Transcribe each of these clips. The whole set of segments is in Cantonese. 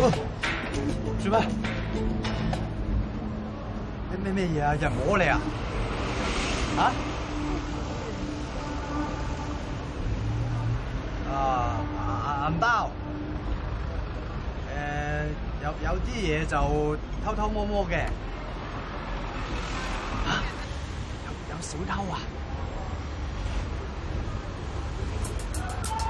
做咩？啲咩咩嘢人摸嚟啊？啊？啊啊！銀包。有有啲嘢就偷偷摸摸嘅。啊？有有小偷啊？啊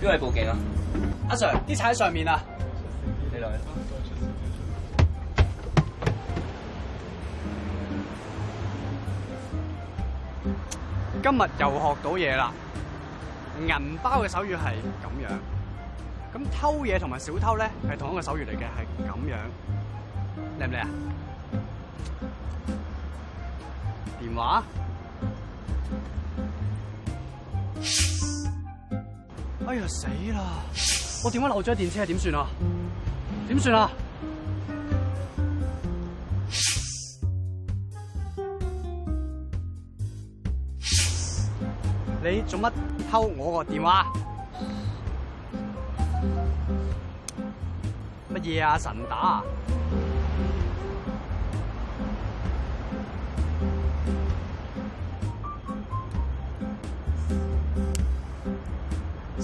邊位報警啊？阿 Sir，啲賊喺上面啊！今日又學到嘢啦，銀包嘅手語係咁樣，咁偷嘢同埋小偷咧，係同一個手語嚟嘅，係咁樣，明唔明啊？電話。哎呀死啦！我電話漏咗電車係點算啊？點算啊？你做乜偷我個電話？乜嘢啊？神打啊？